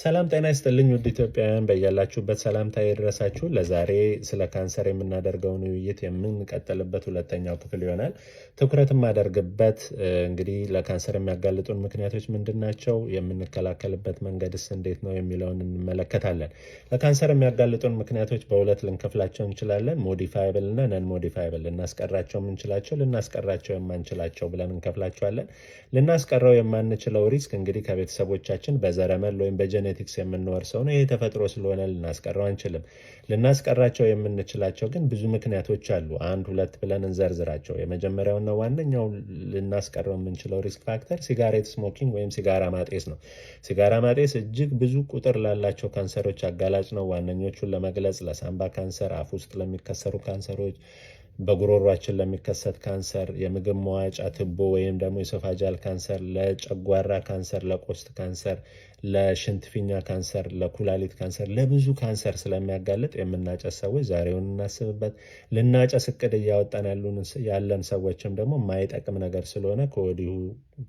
ሰላም ጤና ይስጥልኝ ውድ ኢትዮጵያውያን በያላችሁበት ሰላምታ የደረሳችሁ። ለዛሬ ስለ ካንሰር የምናደርገውን ውይይት የምንቀጥልበት ሁለተኛው ክፍል ይሆናል። ትኩረት የማደርግበት እንግዲህ ለካንሰር የሚያጋልጡን ምክንያቶች ምንድን ናቸው፣ የምንከላከልበት መንገድስ እንዴት ነው የሚለውን እንመለከታለን። ለካንሰር የሚያጋልጡን ምክንያቶች በሁለት ልንከፍላቸው እንችላለን። ሞዲፋይብል እና ነን ሞዲፋይብል። ልናስቀራቸው የምንችላቸው፣ ልናስቀራቸው የማንችላቸው ብለን እንከፍላቸዋለን። ልናስቀረው የማንችለው ሪስክ እንግዲህ ከቤተሰቦቻችን በዘረመል ወይም በጀ በጀኔቲክስ የምንወርሰው ነው። ይህ ተፈጥሮ ስለሆነ ልናስቀረው አንችልም። ልናስቀራቸው የምንችላቸው ግን ብዙ ምክንያቶች አሉ። አንድ ሁለት ብለን እንዘርዝራቸው። የመጀመሪያውና ዋነኛው ልናስቀረው የምንችለው ሪስክ ፋክተር ሲጋሬት ስሞኪንግ ወይም ሲጋራ ማጤስ ነው። ሲጋራ ማጤስ እጅግ ብዙ ቁጥር ላላቸው ካንሰሮች አጋላጭ ነው። ዋነኞቹን ለመግለጽ ለሳምባ ካንሰር፣ አፍ ውስጥ ለሚከሰሩ ካንሰሮች በጉሮሯችን ለሚከሰት ካንሰር፣ የምግብ መዋጫ ትቦ ወይም ደግሞ የሶፋጃል ካንሰር፣ ለጨጓራ ካንሰር፣ ለቆስት ካንሰር ለሽንትፊኛ ካንሰር፣ ለኩላሊት ካንሰር፣ ለብዙ ካንሰር ስለሚያጋልጥ የምናጨስ ሰዎች ዛሬውን እናስብበት። ልናጨስ እቅድ እያወጣን ያለን ሰዎችም ደግሞ ማይጠቅም ነገር ስለሆነ ከወዲሁ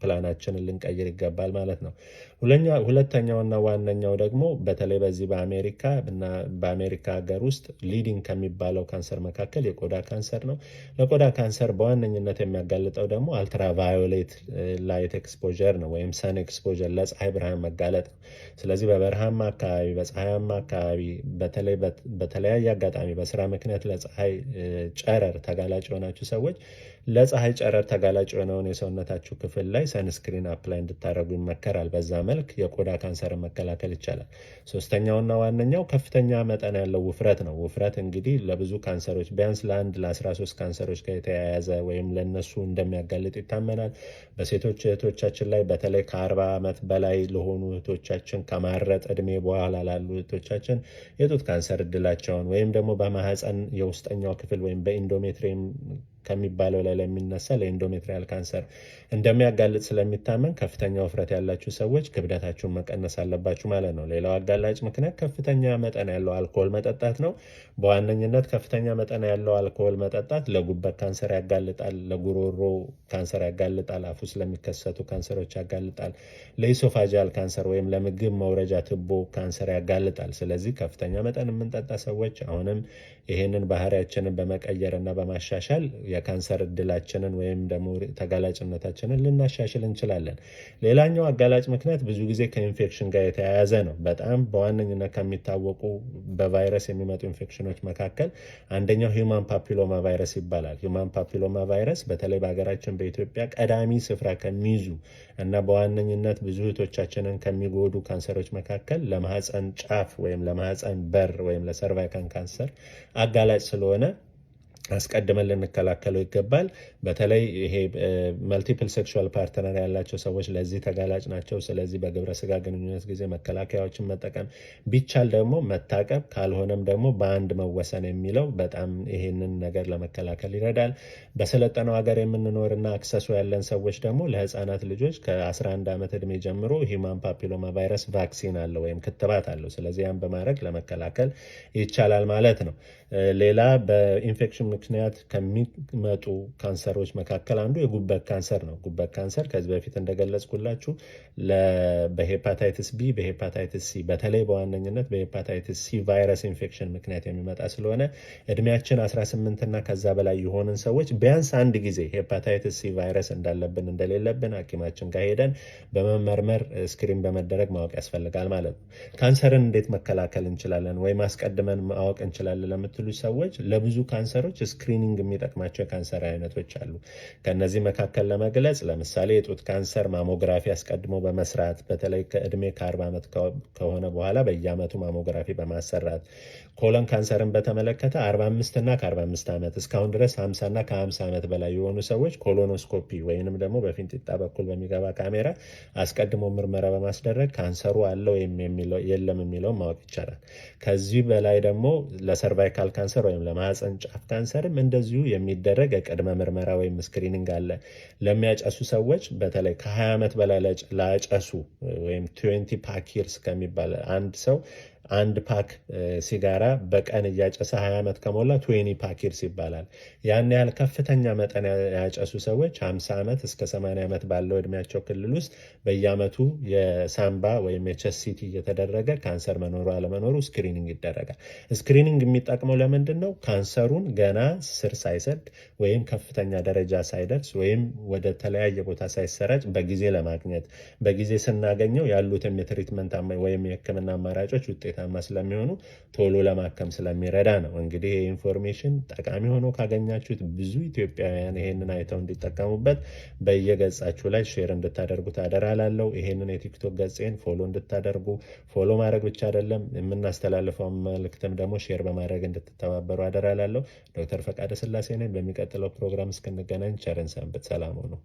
ፕላናችንን ልንቀይር ይገባል ማለት ነው። ሁለተኛውና ዋነኛው ደግሞ በተለይ በዚህ በአሜሪካ እና በአሜሪካ ሀገር ውስጥ ሊዲንግ ከሚባለው ካንሰር መካከል የቆዳ ካንሰር ነው። ለቆዳ ካንሰር በዋነኝነት የሚያጋልጠው ደግሞ አልትራቫዮሌት ላይት ኤክስፖዠር ነው ወይም ሰን ኤክስፖዠር ለፀሐይ ብርሃን መጋለጥ አይሰጥም። ስለዚህ በበረሃማ አካባቢ፣ በፀሐያማ አካባቢ በተለያየ አጋጣሚ በስራ ምክንያት ለፀሐይ ጨረር ተጋላጭ የሆናችሁ ሰዎች ለፀሐይ ጨረር ተጋላጭ የሆነውን የሰውነታችሁ ክፍል ላይ ሰንስክሪን አፕላይ እንድታደረጉ ይመከራል። በዛ መልክ የቆዳ ካንሰርን መከላከል ይቻላል። ሶስተኛውና ዋነኛው ከፍተኛ መጠን ያለው ውፍረት ነው። ውፍረት እንግዲህ ለብዙ ካንሰሮች ቢያንስ ለአንድ ለ13 ካንሰሮች ጋር የተያያዘ ወይም ለነሱ እንደሚያጋልጥ ይታመናል። በሴቶች እህቶቻችን ላይ በተለይ ከ40 ዓመት በላይ ለሆኑ እህቶቻችን ከማረጥ እድሜ በኋላ ላሉ እህቶቻችን የጡት ካንሰር እድላቸውን ወይም ደግሞ በማህፀን የውስጠኛው ክፍል ወይም በኢንዶሜትሪየም ከሚባለው ላይ ለሚነሳ ለኢንዶሜትሪያል ካንሰር እንደሚያጋልጥ ስለሚታመን ከፍተኛ ውፍረት ያላችሁ ሰዎች ክብደታችሁን መቀነስ አለባችሁ ማለት ነው። ሌላው አጋላጭ ምክንያት ከፍተኛ መጠን ያለው አልኮል መጠጣት ነው። በዋነኝነት ከፍተኛ መጠን ያለው አልኮል መጠጣት ለጉበት ካንሰር ያጋልጣል፣ ለጉሮሮ ካንሰር ያጋልጣል፣ አፉ ስለሚከሰቱ ካንሰሮች ያጋልጣል፣ ለኢሶፋጃል ካንሰር ወይም ለምግብ መውረጃ ትቦ ካንሰር ያጋልጣል። ስለዚህ ከፍተኛ መጠን የምንጠጣ ሰዎች አሁንም ይህንን ባህሪያችንን በመቀየር እና በማሻሻል የካንሰር እድላችንን ወይም ደግሞ ተጋላጭነታችንን ልናሻሽል እንችላለን። ሌላኛው አጋላጭ ምክንያት ብዙ ጊዜ ከኢንፌክሽን ጋር የተያያዘ ነው። በጣም በዋነኝነት ከሚታወቁ በቫይረስ የሚመጡ ኢንፌክሽኖች መካከል አንደኛው ሂውማን ፓፒሎማ ቫይረስ ይባላል። ሂውማን ፓፒሎማ ቫይረስ በተለይ በሀገራችን በኢትዮጵያ ቀዳሚ ስፍራ ከሚይዙ እና በዋነኝነት ብዙ እህቶቻችንን ከሚጎዱ ካንሰሮች መካከል ለማህፀን ጫፍ ወይም ለማህፀን በር ወይም ለሰርቫይካን ካንሰር አጋላጭ ስለሆነ አስቀድመን ልንከላከለው ይገባል። በተለይ ይሄ መልቲፕል ሴክሹዋል ፓርትነር ያላቸው ሰዎች ለዚህ ተጋላጭ ናቸው። ስለዚህ በግብረ ስጋ ግንኙነት ጊዜ መከላከያዎችን መጠቀም ቢቻል ደግሞ መታቀብ፣ ካልሆነም ደግሞ በአንድ መወሰን የሚለው በጣም ይሄንን ነገር ለመከላከል ይረዳል። በሰለጠነው ሀገር የምንኖርና አክሰሱ ያለን ሰዎች ደግሞ ለህፃናት ልጆች ከ11 ዓመት እድሜ ጀምሮ ሂማን ፓፒሎማ ቫይረስ ቫክሲን አለው ወይም ክትባት አለው። ስለዚህ ያን በማድረግ ለመከላከል ይቻላል ማለት ነው። ሌላ በኢንፌክሽን ምክንያት ከሚመጡ ካንሰሮች መካከል አንዱ የጉበት ካንሰር ነው። ጉበት ካንሰር ከዚህ በፊት እንደገለጽኩላችሁ በሄፓታይትስ ቢ፣ በሄፓታይትስ ሲ በተለይ በዋነኝነት በሄፓታይትስ ሲ ቫይረስ ኢንፌክሽን ምክንያት የሚመጣ ስለሆነ እድሜያችን 18 እና ከዛ በላይ የሆንን ሰዎች ቢያንስ አንድ ጊዜ ሄፓታይትስ ሲ ቫይረስ እንዳለብን እንደሌለብን ሐኪማችን ጋር ሄደን በመመርመር ስክሪን በመደረግ ማወቅ ያስፈልጋል ማለት ነው። ካንሰርን እንዴት መከላከል እንችላለን ወይም አስቀድመን ማወቅ እንችላለን ለምትሉ ሰዎች ለብዙ ካንሰሮች ስክሪኒንግ የሚጠቅማቸው የካንሰር አይነቶች አሉ። ከነዚህ መካከል ለመግለጽ ለምሳሌ የጡት ካንሰር ማሞግራፊ አስቀድሞ በመስራት በተለይ ከእድሜ ከ40 ዓመት ከሆነ በኋላ በየአመቱ ማሞግራፊ በማሰራት ኮለን ካንሰርን በተመለከተ 45 እና ከ45 ዓመት እስካሁን ድረስ 50 እና ከ50 ዓመት በላይ የሆኑ ሰዎች ኮሎኖስኮፒ ወይንም ደግሞ በፊንጢጣ በኩል በሚገባ ካሜራ አስቀድሞ ምርመራ በማስደረግ ካንሰሩ አለው የለም የሚለውን ማወቅ ይቻላል። ከዚህ በላይ ደግሞ ለሰርቫይካል ካንሰር ወይም ለማህፀን ጫፍ ካንሰር ካንሰርም እንደዚሁ የሚደረግ የቅድመ ምርመራ ወይም ስክሪኒንግ አለ። ለሚያጨሱ ሰዎች በተለይ ከ20 ዓመት በላይ ላጨሱ ወይም ትዌንቲ ፓኪርስ ከሚባል አንድ ሰው አንድ ፓክ ሲጋራ በቀን እያጨሰ 20 ዓመት ከሞላ ትዌኒ ፓኬርስ ይባላል። ያን ያህል ከፍተኛ መጠን ያጨሱ ሰዎች 50 ዓመት እስከ 80 ዓመት ባለው እድሜያቸው ክልል ውስጥ በየዓመቱ የሳምባ ወይም የቼስት ሲቲ እየተደረገ ካንሰር መኖሩ አለመኖሩ ስክሪኒንግ ይደረጋል። ስክሪኒንግ የሚጠቅመው ለምንድን ነው? ካንሰሩን ገና ስር ሳይሰድ ወይም ከፍተኛ ደረጃ ሳይደርስ ወይም ወደ ተለያየ ቦታ ሳይሰራጭ በጊዜ ለማግኘት በጊዜ ስናገኘው ያሉትም የትሪትመንት ወይም የህክምና አማራጮች ውጤት ውጤታማ ስለሚሆኑ ቶሎ ለማከም ስለሚረዳ ነው። እንግዲህ ኢንፎርሜሽን ጠቃሚ ሆኖ ካገኛችሁት ብዙ ኢትዮጵያውያን ይሄንን አይተው እንዲጠቀሙበት በየገጻችሁ ላይ ሼር እንድታደርጉት ታደራላለው። ይሄንን የቲክቶክ ገጽን ፎሎ እንድታደርጉ ፎሎ ማድረግ ብቻ አይደለም የምናስተላልፈው መልክትም ደግሞ ሼር በማድረግ እንድትተባበሩ አደራላለው ዶክተር ፈቃደ ስላሴ ነኝ። በሚቀጥለው ፕሮግራም እስክንገናኝ ቸርን ሰንብት። ሰላም ነው።